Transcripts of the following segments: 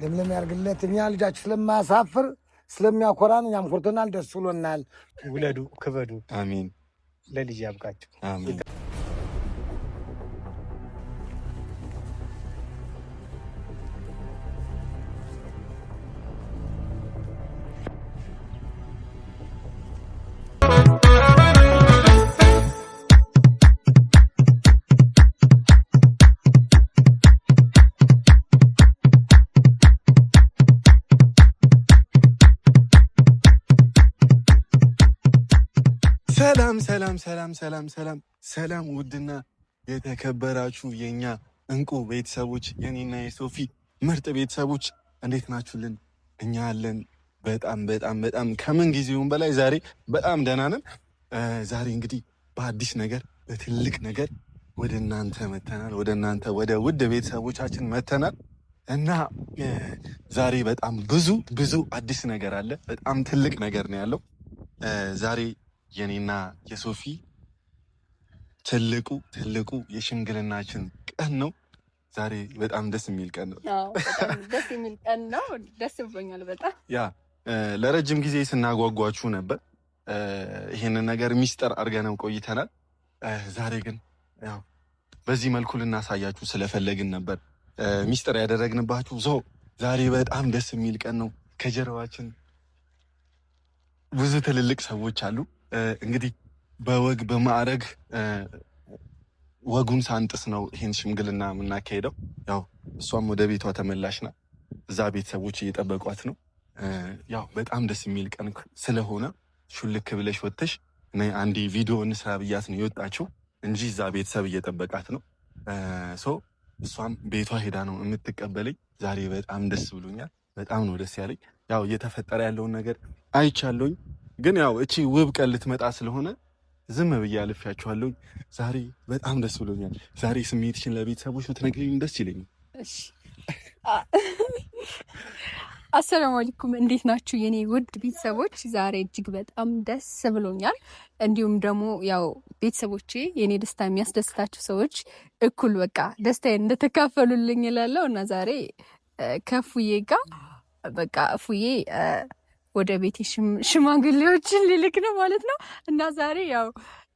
ለምለም ያርግለት። እኛ ልጃችሁ ስለማያሳፍር ስለሚያኮራን እኛም ኮርተናል፣ ደስ ብሎናል። ውለዱ፣ ክበዱ። አሚን። ለልጅ ያብቃችሁ። ሰላም ሰላም ሰላም ሰላም ሰላም ውድና የተከበራችሁ የኛ እንቁ ቤተሰቦች የኔና የሶፊ ምርጥ ቤተሰቦች እንዴት ናችሁልን? እኛ አለን በጣም በጣም በጣም ከምን ጊዜውም በላይ ዛሬ በጣም ደህና ነን። ዛሬ እንግዲህ በአዲስ ነገር በትልቅ ነገር ወደ እናንተ መተናል። ወደ እናንተ ወደ ውድ ቤተሰቦቻችን መተናል እና ዛሬ በጣም ብዙ ብዙ አዲስ ነገር አለ። በጣም ትልቅ ነገር ነው ያለው ዛሬ የኔና የሶፊ ትልቁ ትልቁ የሽምግልናችን ቀን ነው ዛሬ። በጣም ደስ የሚል ቀን ነው። ደስ የሚል ቀን ነው። ደስ ብሎኛል በጣም ያ ለረጅም ጊዜ ስናጓጓችሁ ነበር። ይህንን ነገር ሚስጥር አድርገንም ቆይተናል። ዛሬ ግን ያው በዚህ መልኩ ልናሳያችሁ ስለፈለግን ነበር ሚስጥር ያደረግንባችሁ። ዞ ዛሬ በጣም ደስ የሚል ቀን ነው። ከጀርባችን ብዙ ትልልቅ ሰዎች አሉ። እንግዲህ በወግ በማዕረግ ወጉን ሳንጥስ ነው ይህን ሽምግልና የምናካሄደው። ያው እሷም ወደ ቤቷ ተመላሽ ና። እዛ ቤተሰቦች እየጠበቋት ነው። ያው በጣም ደስ የሚል ቀን ስለሆነ ሹልክ ብለሽ ወጥተሽ አንድ ቪዲዮ እንስራ ብያት ነው የወጣችው እንጂ እዛ ቤተሰብ እየጠበቃት ነው። እሷም ቤቷ ሄዳ ነው የምትቀበለኝ። ዛሬ በጣም ደስ ብሎኛል። በጣም ነው ደስ ያለኝ። ያው እየተፈጠረ ያለውን ነገር አይቻለኝ። ግን ያው እቺ ውብ ቀን ልትመጣ ስለሆነ ዝም ብዬ አልፌያችኋለሁ። ዛሬ በጣም ደስ ብሎኛል። ዛሬ ስሜትሽን ለቤተሰቦች ብትነግሪኝ ደስ ይለኛል። አሰላሙ አለይኩም እንዴት ናችሁ የኔ ውድ ቤተሰቦች? ዛሬ እጅግ በጣም ደስ ብሎኛል። እንዲሁም ደግሞ ያው ቤተሰቦቼ የኔ ደስታ የሚያስደስታችሁ ሰዎች እኩል በቃ ደስታዬን እንደተካፈሉልኝ እላለሁ እና ዛሬ ከፉዬ ጋር በቃ ፉዬ ወደ ቤት ሽማግሌዎችን ልልክ ነው ማለት ነው። እና ዛሬ ያው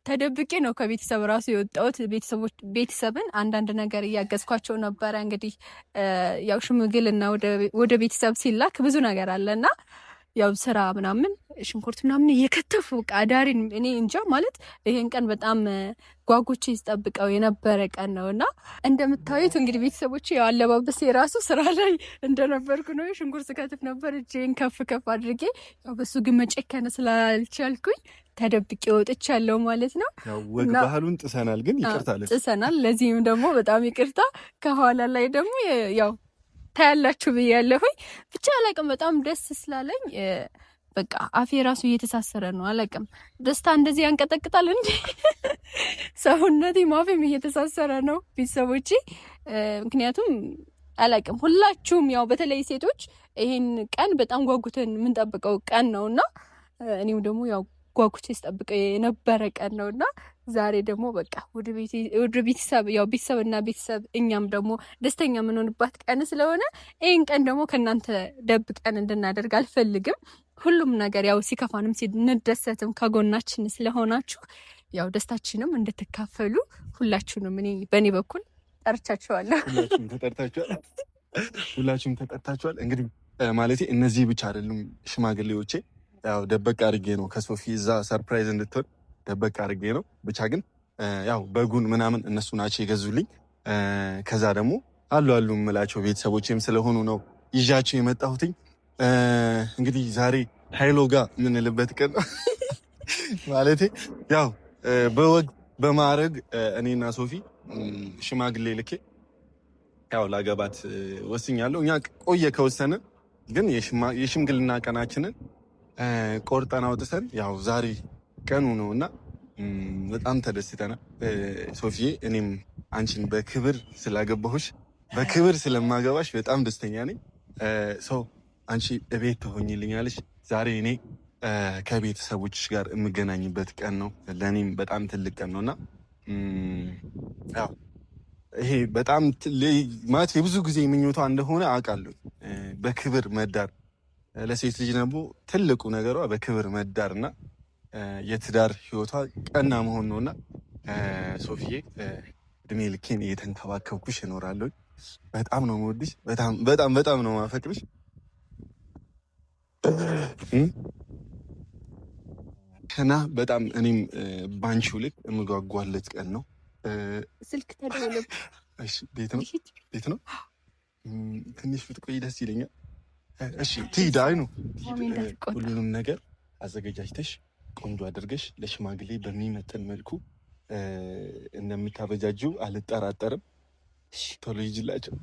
ተደብቄ ነው ከቤተሰብ ራሱ የወጣሁት። ቤተሰብን አንዳንድ ነገር እያገዝኳቸው ነበረ። እንግዲህ ያው ሽምግልና ወደ ቤተሰብ ሲላክ ብዙ ነገር አለና ያው ስራ ምናምን ሽንኩርት ምናምን እየከተፉ አዳሪን እኔ እንጃ ማለት ይሄን ቀን በጣም ጓጉቼ ይጠብቀው የነበረ ቀን ነው እና እንደምታዩት እንግዲህ ቤተሰቦች ያው አለባበስ የራሱ ስራ ላይ እንደነበርኩ ነው። ሽንኩርት ከትፍ ነበር እጄን ከፍ ከፍ አድርጌ ያው በሱ ግን መጨከነ ስላልቻልኩኝ ተደብቄ ወጥቻለሁ ማለት ነው። ወግ ባህሉን ጥሰናል፣ ግን ይቅርታ ጥሰናል። ለዚህም ደግሞ በጣም ይቅርታ። ከኋላ ላይ ደግሞ ያው ታያላችሁ ብያለሁኝ። ብቻ አላቅም፣ በጣም ደስ ስላለኝ በቃ አፌ ራሱ እየተሳሰረ ነው። አላቅም፣ ደስታ እንደዚህ ያንቀጠቅጣል እንጂ ሰውነቴ ማፌም እየተሳሰረ ነው ቤተሰቦች። ምክንያቱም አላቅም፣ ሁላችሁም ያው በተለይ ሴቶች ይሄን ቀን በጣም ጓጉተን የምንጠብቀው ቀን ነው እና እኔም ደግሞ ያው ጓጉቼ ስጠብቀው የነበረ ቀን ነው እና ዛሬ ደግሞ በቃ ውድ ቤተሰብ ያው ቤተሰብ እና ቤተሰብ እኛም ደግሞ ደስተኛ የምንሆንባት ቀን ስለሆነ ይህን ቀን ደግሞ ከእናንተ ቀን እንድናደርግ አልፈልግም። ሁሉም ነገር ያው ሲከፋንም ሲንደሰትም ከጎናችን ስለሆናችሁ ያው ደስታችንም እንድትካፈሉ ሁላችሁንም እኔ በእኔ በኩል ጠርቻችኋለሁ። ሁላችሁም ተጠርታችኋል። እንግዲህ ማለት እነዚህ ብቻ አይደሉም ሽማግሌዎቼ፣ ያው ደበቅ አድርጌ ነው ከሶፊ እዛ ሰርፕራይዝ እንድትሆን ደበቅ አድርጌ ነው ብቻ ግን ያው በጉን ምናምን እነሱ ናቸው የገዙልኝ። ከዛ ደግሞ አሉ አሉ የምላቸው ቤተሰቦችም ስለሆኑ ነው ይዣቸው የመጣሁትኝ። እንግዲህ ዛሬ ሀይሎ ጋ የምንልበት ቀን ነው ማለት ያው በወግ በማዕረግ እኔና ሶፊ ሽማግሌ ልኬ ያው ላገባት ወስኛለሁ። እኛ ቆየ ከወሰነ ግን የሽምግልና ቀናችንን ቆርጠን አውጥተን ያው ዛሬ ቀኑ ነው እና በጣም ተደስተናል። ሶፊዬ እኔም አንቺን በክብር ስላገባሁሽ በክብር ስለማገባሽ በጣም ደስተኛ ነኝ። ሰው አንቺ እቤት ትሆኝልኛለሽ። ዛሬ እኔ ከቤተሰቦች ጋር የምገናኝበት ቀን ነው። ለእኔም በጣም ትልቅ ቀን ነው እና ይሄ በጣም ማለት የብዙ ጊዜ ምኞቷ እንደሆነ አውቃለሁ። በክብር መዳር ለሴት ልጅ ነቦ ትልቁ ነገሯ በክብር መዳር እና የትዳር ህይወቷ ቀና መሆን ነውና ሶፊዬ እድሜ ልኬን እየተንከባከብኩሽ እኖራለሁ። በጣም ነው የምወድሽ፣ በጣም በጣም ነው የማፈቅርሽ። ከና በጣም እኔም ባንቺው ልክ የምጓጓለት ቀን ነው። ስልክ ተደውሎ ቤት ነው ቤት ነው። ትንሽ ብትቆይ ደስ ይለኛል። እሺ ትሂድ። አይ ነው ሁሉንም ነገር አዘገጃጅተሽ ቆንጆ አድርገሽ ለሽማግሌ በሚመጥን መልኩ እንደምታበጃጁው አልጠራጠርም። ቶሎ ይጅላቸው።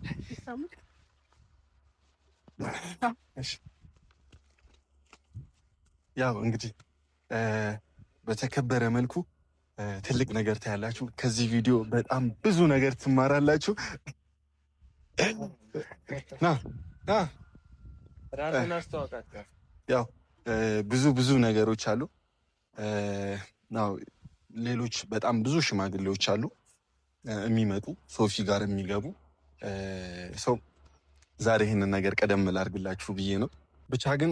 ያው እንግዲህ በተከበረ መልኩ ትልቅ ነገር ታያላችሁ። ከዚህ ቪዲዮ በጣም ብዙ ነገር ትማራላችሁ። ያው ብዙ ብዙ ነገሮች አሉ። ሌሎች በጣም ብዙ ሽማግሌዎች አሉ የሚመጡ ሶፊ ጋር የሚገቡ ሰው ዛሬ ይህንን ነገር ቀደም ላርግላችሁ ብዬ ነው። ብቻ ግን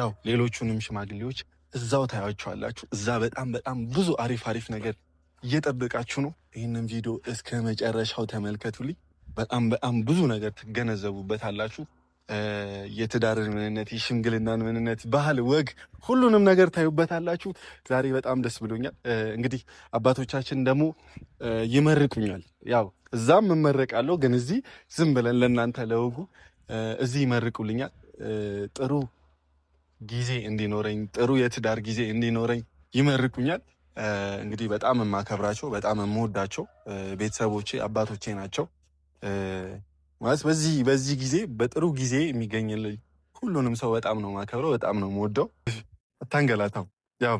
ያው ሌሎቹንም ሽማግሌዎች እዛው ታያቸዋላችሁ። እዛ በጣም በጣም ብዙ አሪፍ አሪፍ ነገር እየጠበቃችሁ ነው። ይህንን ቪዲዮ እስከ መጨረሻው ተመልከቱልኝ። በጣም በጣም ብዙ ነገር ትገነዘቡበታላችሁ። የትዳርን ምንነት፣ የሽምግልናን ምንነት፣ ባህል፣ ወግ ሁሉንም ነገር ታዩበታላችሁ። ዛሬ በጣም ደስ ብሎኛል። እንግዲህ አባቶቻችን ደግሞ ይመርቁኛል። ያው እዛም እመረቃለሁ፣ ግን እዚህ ዝም ብለን ለእናንተ ለወጉ እዚህ ይመርቁልኛል። ጥሩ ጊዜ እንዲኖረኝ፣ ጥሩ የትዳር ጊዜ እንዲኖረኝ ይመርቁኛል። እንግዲህ በጣም የማከብራቸው በጣም የምወዳቸው ቤተሰቦቼ አባቶቼ ናቸው። ማለት በዚህ በዚህ ጊዜ በጥሩ ጊዜ የሚገኝልኝ ሁሉንም ሰው በጣም ነው ማከብረው፣ በጣም ነው የምወደው። አታንገላታው። ያው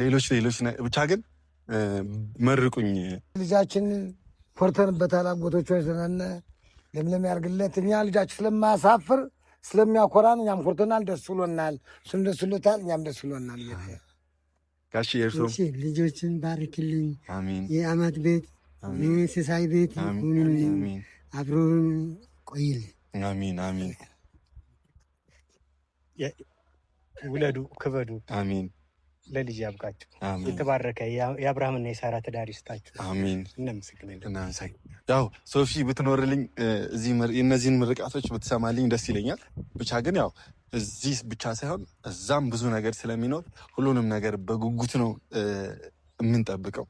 ሌሎች ሌሎች ብቻ ግን መርቁኝ። ልጃችንን ኮርተንበታል። አጎቶች ስለነ ለምለም ያርግለት። እኛ ልጃችን ስለማያሳፍር ስለሚያኮራን እኛም ኮርተናል፣ ደስ ብሎናል። እሱም ደስ ብሎታል፣ እኛም ደስ ብሎናል። ጋሽ እርሶም ልጆችን ባርክልኝ። የአማት ቤት ሲሳይ ቤት ይሁንልኝ አብሮን ቆይል። አሚን አሚን። ውለዱ፣ ክበዱ። አሚን። ለልጅ ያብቃችሁ። የተባረከ የአብርሃምና የሳራ ትዳር ይስጣችሁ። አሚን። ያው ሶፊ ብትኖርልኝ እነዚህን ምርቃቶች ብትሰማልኝ ደስ ይለኛል። ብቻ ግን ያው እዚህ ብቻ ሳይሆን እዛም ብዙ ነገር ስለሚኖር ሁሉንም ነገር በጉጉት ነው የምንጠብቀው።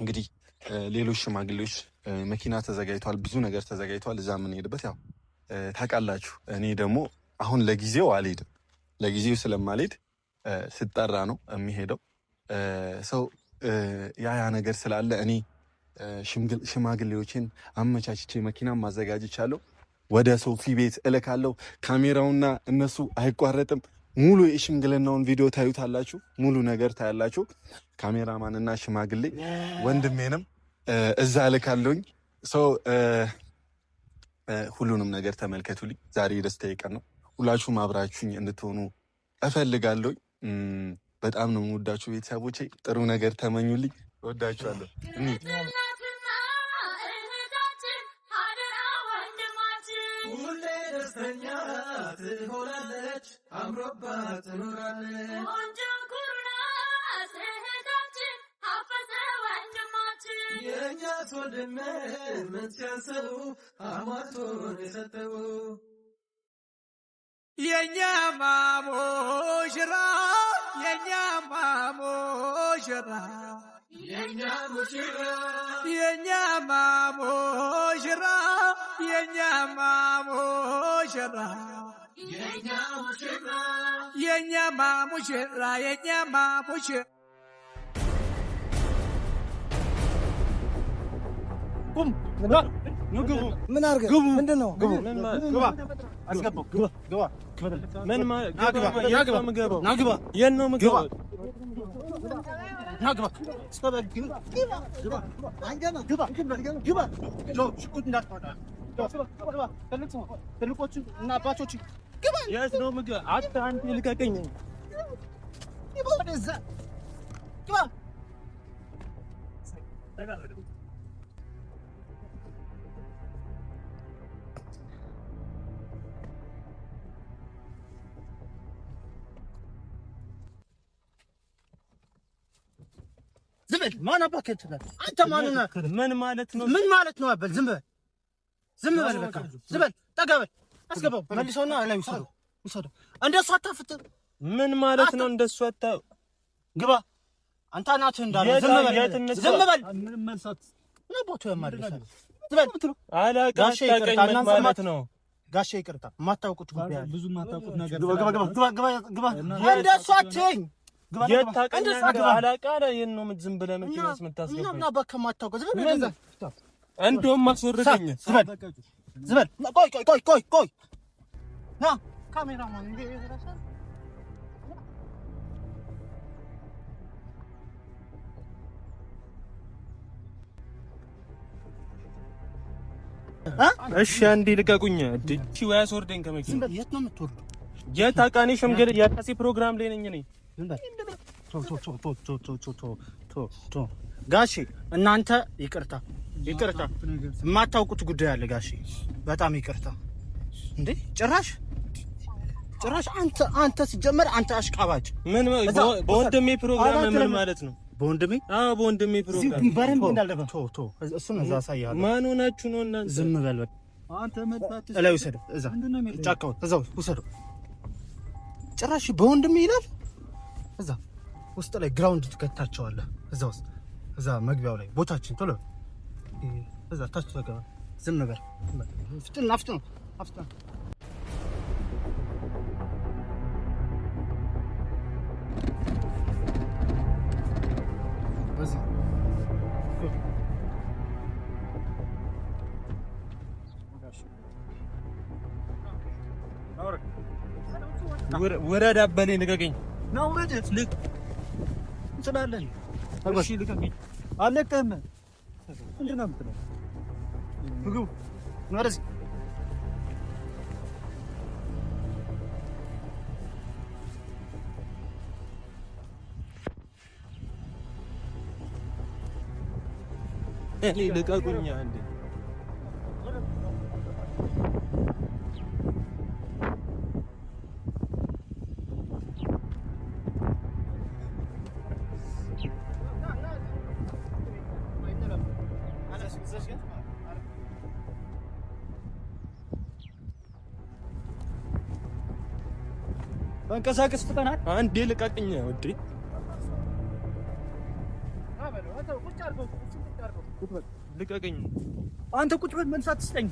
እንግዲህ ሌሎች ሽማግሌዎች መኪና ተዘጋጅቷል፣ ብዙ ነገር ተዘጋጅቷል። እዛ የምንሄድበት ያው ታውቃላችሁ። እኔ ደግሞ አሁን ለጊዜው አልሄድም። ለጊዜው ስለማልሄድ ስጠራ ነው የሚሄደው ሰው ያ ያ ነገር ስላለ እኔ ሽማግሌዎችን አመቻችቼ መኪና ማዘጋጅቻለሁ። ወደ ሶፊ ቤት እልካለሁ። ካሜራውና እነሱ አይቋረጥም። ሙሉ የሽምግልናውን ቪዲዮ ታዩታላችሁ። ሙሉ ነገር ታያላችሁ። ካሜራማንና ሽማግሌ ወንድሜንም እዛ እልካለሁኝ። ሁሉንም ነገር ተመልከቱልኝ። ዛሬ የደስታዬ ቀን ነው። ሁላችሁም አብራችሁኝ እንድትሆኑ እፈልጋለሁኝ። በጣም ነው የምወዳችሁ ቤተሰቦቼ። ጥሩ ነገር ተመኙልኝ። እወዳችኋለሁ። ደስተኛ ትሆናለች፣ አምሮባት ትኖራለች። የእኛስ ወንድም ምን ሲያንሰው አሟቶን የሰጠው የእኛ ማሞ ሽራ የእኛ ማሞ ሽራ የእኛ ሙሽራ የእኛ ማሞ ሽራ የእኛ ማሞ ሽራ የእኛ ሙሽራ የእኛ ምን አድርገህ ግቡ። ምንድን ግባ አበል ማን አባ ከእንትን አንተ ማን ነህ? ምን ማለት ነው? ምን ማለት ነው? አበል ዝም በል ዝም በል በቃ ዝም በል ጠጋ በል አስገባው መልሰውና ላይ ውሰደው ውሰደው። እንደሱ አታፍጥ። ምን ማለት ነው? እንደሱ አታ ግባ አንተ ናትህ እንዳለ ዝም በል ዝም በል ምን መልሳት ምን አባቱ ያማድረሰ ጋሼ ይቅርታ፣ የማታውቁት ጉዳይ ብዙ የማታውቁት ነገር ግባ ግባ ግባ ግባ እንደሱ አትይኝ የት ታውቀኛለህ? እሺ አንዴ ልቀቁኝ። ድቺ ወይ አስወርደኝ ከመኪና። የት ነው የምትወርደው? የት አውቃ እኔ ሽምግል የራሴ ፕሮግራም ላይ ነኝ እኔ ጋሺ እናንተ ይቅርታ ይቅርታ፣ የማታውቁት ጉዳይ አለ ጋሺ፣ በጣም ይቅርታ። እንዴ ጭራሽ ጭራሽ አንተ አንተ ሲጀመር አንተ አሽቃባጭ ምን በወንድሜ ፕሮግራም ምን ማለት ነው? በወንድሜ አዎ፣ በወንድሜ ፕሮግራም ቶ ቶ እሱ ነው። እዛ ማን ሆናችሁ ነው እናንተ? ዝም በል አንተ መጣት እዛ ጫካው እዛው ውሰደው። ጭራሽ በወንድሜ ይላል እዛ ውስጥ ላይ ግራውንድ ትከታቸዋለህ። እዛ ውስጥ እዛ መግቢያው ላይ ቦታችን ቶሎ እዛ ታች ተገባ። ዝም ነበር ፍጥን አፍጥነው አፍጥነው ወረዳ በኔ ንገገኝ ናውረድ ልክ እንችላለን። እሺ ልቀቀኝ። አለቀህም። ምንድን ነው የምትለው? ምግቡ ወደዚህ መንቀሳቀስ ፍጠናል። አንዴ ልቀቅኝ ውዴ። ልቀቅኝ አንተ ቁጭ በል። መንሳት ስጠኝ።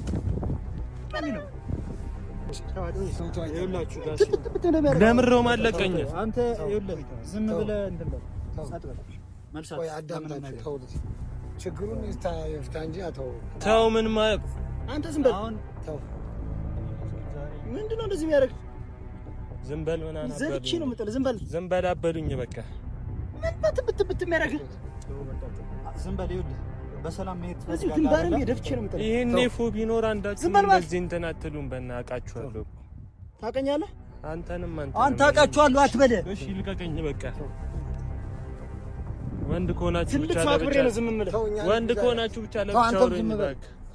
ለምረው ማለቀኝ አንተ ዝም ብለህ እንትን ተው። ምን ማለት አንተ ዝም በል። ምንድን ነው እንደዚህ የሚያደርግ ዝም በል ምናምን ዘልቼ ነው የምጥልህ። በቃ ምን በትብት ብት የሚያደርግ ዝም በል ይሄኔ ፎብ ቢኖር አንዳችሁም እንደዚህ እንትን አትሉም። በእናትህ ታውቀኛለህ። አንተንም አንተ አንተ አውቃችኋለሁ አትበል። እሺ ልቀቀኝ በቃ ወንድ ከሆናችሁ ብቻ ወንድ ከሆናችሁ ብቻ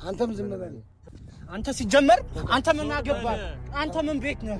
አንተም ዝም በል አንተ ሲጀመር አንተ ምን አገባህ? አንተ ምን ቤት ነህ?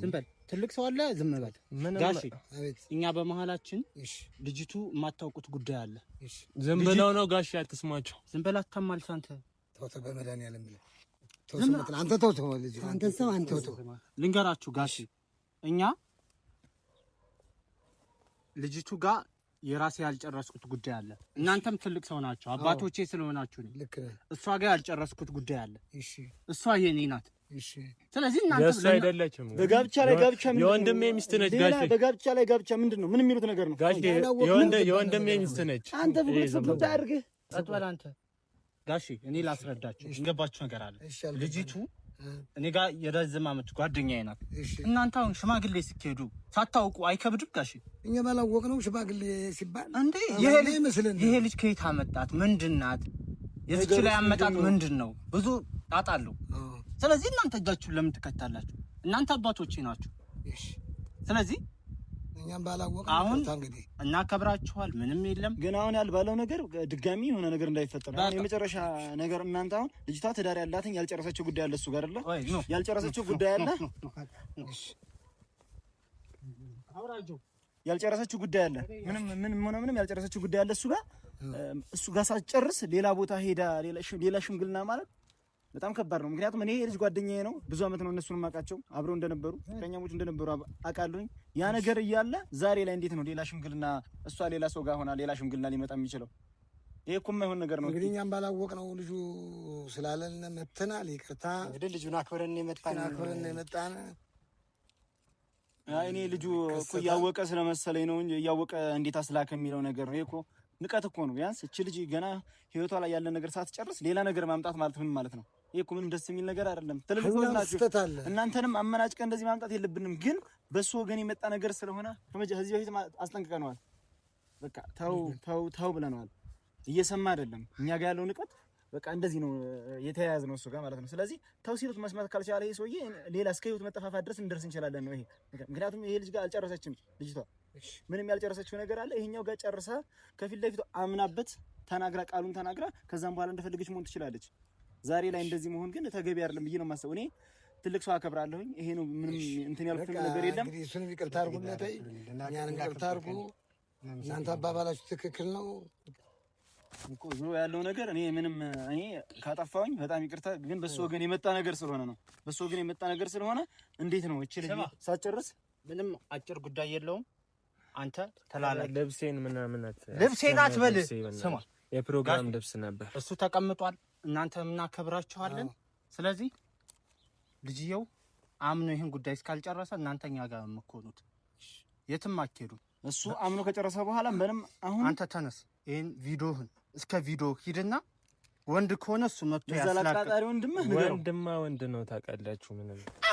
ዝም በል ትልቅ ሰው አለ፣ ዝም በል ጋሽ። እኛ በመሀላችን ልጅቱ የማታውቁት ጉዳይ አለ። ዝም ብለው ነው ጋሽ፣ አትስማቸው። ዝም በል አታማልስ። አንተ ተውተው በመድኃኒዓለም ብለህ አንተ ተውተው ልጅ አንተ ሰው አንተ ተውተው። ልንገራችሁ ጋሽ፣ እኛ ልጅቱ ጋር የራሴ ያልጨረስኩት ጉዳይ አለ። እናንተም ትልቅ ሰው ናቸው፣ አባቶቼ ስለሆናችሁ ነው። እሷ ጋር ያልጨረስኩት ጉዳይ አለ። እሷ የኔ ናት። ስለዚህ አይደለችም። በጋብቻ ላይ ጋብቻ የወንድሜ ምንድን ነው? ምን የሚሉት ነገር ነው? የወንድሜ ሚስት ነች። አንተ አንተ እኔ ላስረዳችሁ እንገባችሁ ነገር አለ። ልጅቱ እኔ ጋር የረዘም ጓደኛዬ ናት። እናንተ አሁን ሽማግሌ ሲካሄዱ ሳታውቁ አይከብድም ጋሽ? እኛ ባላወቅ ነው ሽማግሌ ሲባል እንዴ ይሄ ልጅ ከየት አመጣት? ምንድን ናት? የዚች ላይ አመጣት ምንድን ነው? ብዙ ጣጣ አለው። ስለዚህ እናንተ እጃችሁን ለምን ትከታላችሁ? እናንተ አባቶቼ ናችሁ። ስለዚህ እኛም ባላወቅ አሁን እናከብራችኋል። ምንም የለም ግን አሁን ያልባለው ነገር ድጋሚ የሆነ ነገር እንዳይፈጠር የመጨረሻ ነገር እናንተ አሁን ልጅቷ ትዳር ያላትኝ ያልጨረሰችው ጉዳይ አለ፣ እሱ ጋር አለ ያልጨረሰችው ጉዳይ አለ፣ ያልጨረሰችው ጉዳይ አለ፣ ምንም ምንም ሆነ ምንም ያልጨረሰችው ጉዳይ አለ እሱ ጋር እሱ ጋር ሳትጨርስ ሌላ ቦታ ሄዳ ሌላ ሽምግልና ማለት በጣም ከባድ ነው። ምክንያቱም እኔ የልጅ ጓደኛዬ ነው፣ ብዙ ዓመት ነው እነሱን የማውቃቸው አብረው እንደነበሩ ፍቅረኛሞች እንደነበሩ አውቃለሁኝ። ያ ነገር እያለ ዛሬ ላይ እንዴት ነው ሌላ ሽምግልና፣ እሷ ሌላ ሰው ጋር ሆና ሌላ ሽምግልና ሊመጣ የሚችለው? ይሄ እኮ የማይሆን ነገር ነው። እንግዲህ እኛም ባላወቅ ነው ልጁ ስላለን መተናል። ይቅርታ እንግዲህ ልጁን አክብረን የመጣን አክብረን የመጣን እኔ ልጁ እኮ እያወቀ ስለመሰለኝ ነው እንጂ እያወቀ እንዴት አስላከ የሚለው ነገር ነው እኮ ንቀት እኮ ነው። ቢያንስ እቺ ልጅ ገና ህይወቷ ላይ ያለ ነገር ሳትጨርስ ሌላ ነገር ማምጣት ማለት ምን ማለት ነው? ይሄ እኮ ምንም ደስ የሚል ነገር አይደለም። ትልልቅ እናንተንም አመናጭቀን እንደዚህ ማምጣት የለብንም፣ ግን በሱ ወገን የመጣ ነገር ስለሆነ ከዚህ በፊት አስጠንቅቀነዋል። በቃ ተው ተው ተው ብለነዋል። እየሰማ አይደለም። እኛ ጋር ያለው ንቀት በቃ እንደዚህ ነው የተያያዝ ነው እሱ ጋር ማለት ነው። ስለዚህ ተው ሲሉት መስማት ካልቻለ ይሄ ሰውዬ ሌላ እስከ ህይወት መጠፋፋት ድረስ እንደርስ እንችላለን ነው ይሄ። ምክንያቱም ይሄ ልጅ ጋር አልጨረሰችም ልጅቷ ምንም ያልጨረሰችው ነገር አለ። ይሄኛው ጋር ጨርሳ ከፊት ለፊቱ አምናበት ተናግራ ቃሉን ተናግራ ከዛም በኋላ እንደፈለገች መሆን ትችላለች። ዛሬ ላይ እንደዚህ መሆን ግን ተገቢ አይደለም ብዬ ነው የማስበው። እኔ ትልቅ ሰው አከብራለሁኝ። ይሄ ነው ምንም እንትን ያልኩት ነገር የለም። እሱንም ይቅርታ አድርጉለት፣ እኛን ይቅርታ አድርጉ። እናንተ አባባላችሁ ትክክል ነው እኮ ዞሮ ያለው ነገር እኔ ምንም እኔ ካጠፋሁኝ በጣም ይቅርታ፣ ግን በሱ ወገን የመጣ ነገር ስለሆነ ነው። በሱ ወገን የመጣ ነገር ስለሆነ እንዴት ነው እችል ሳጨርስ ምንም አጭር ጉዳይ የለውም አንተ ተላላቅ ልብሴን ምናምን ልብሴን አትበል። ስማ የፕሮግራም ልብስ ነበር እሱ ተቀምጧል። እናንተ እናከብራችኋለን። ስለዚህ ልጅየው አምኖ ይህን ጉዳይ እስካልጨረሰ እናንተኛ ጋር የምኮኑት የትም አትሄዱም። እሱ አምኖ ከጨረሰ በኋላ ምንም አሁን አንተ ተነስ፣ ይህን ቪዲዮህን እስከ ቪዲዮ ሂድና ወንድ ከሆነ እሱ መጥቶ ያስላቀ ወንድማ ወንድ ነው ታውቃላችሁ ምንም